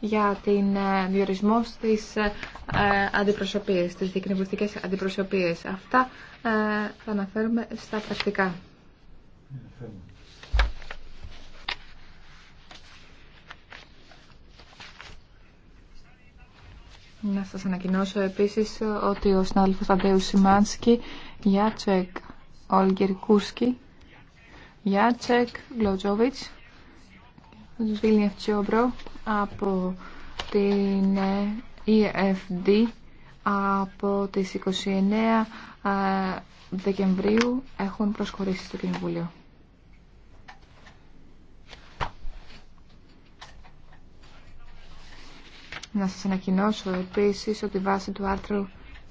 για την ε, διορισμό στις ε, αντιπροσωπείες, στις δικνευριστικές αντιπροσωπείες. Αυτά ε, θα αναφέρουμε στα πρακτικά. Να σας ανακοινώσω επίσης ότι ο συνάδελφος Αντέου Σιμάνσκι, Γιάτσεκ Όλγκερ Γιάτσεκ Γλωτζόβιτς, Σβίλνιεφ από την EFD ε από τις 29 ε, Δεκεμβρίου έχουν προσχωρήσει στο Κοινοβούλιο. Να σας ανακοινώσω επίσης ότι βάσει του άρθρου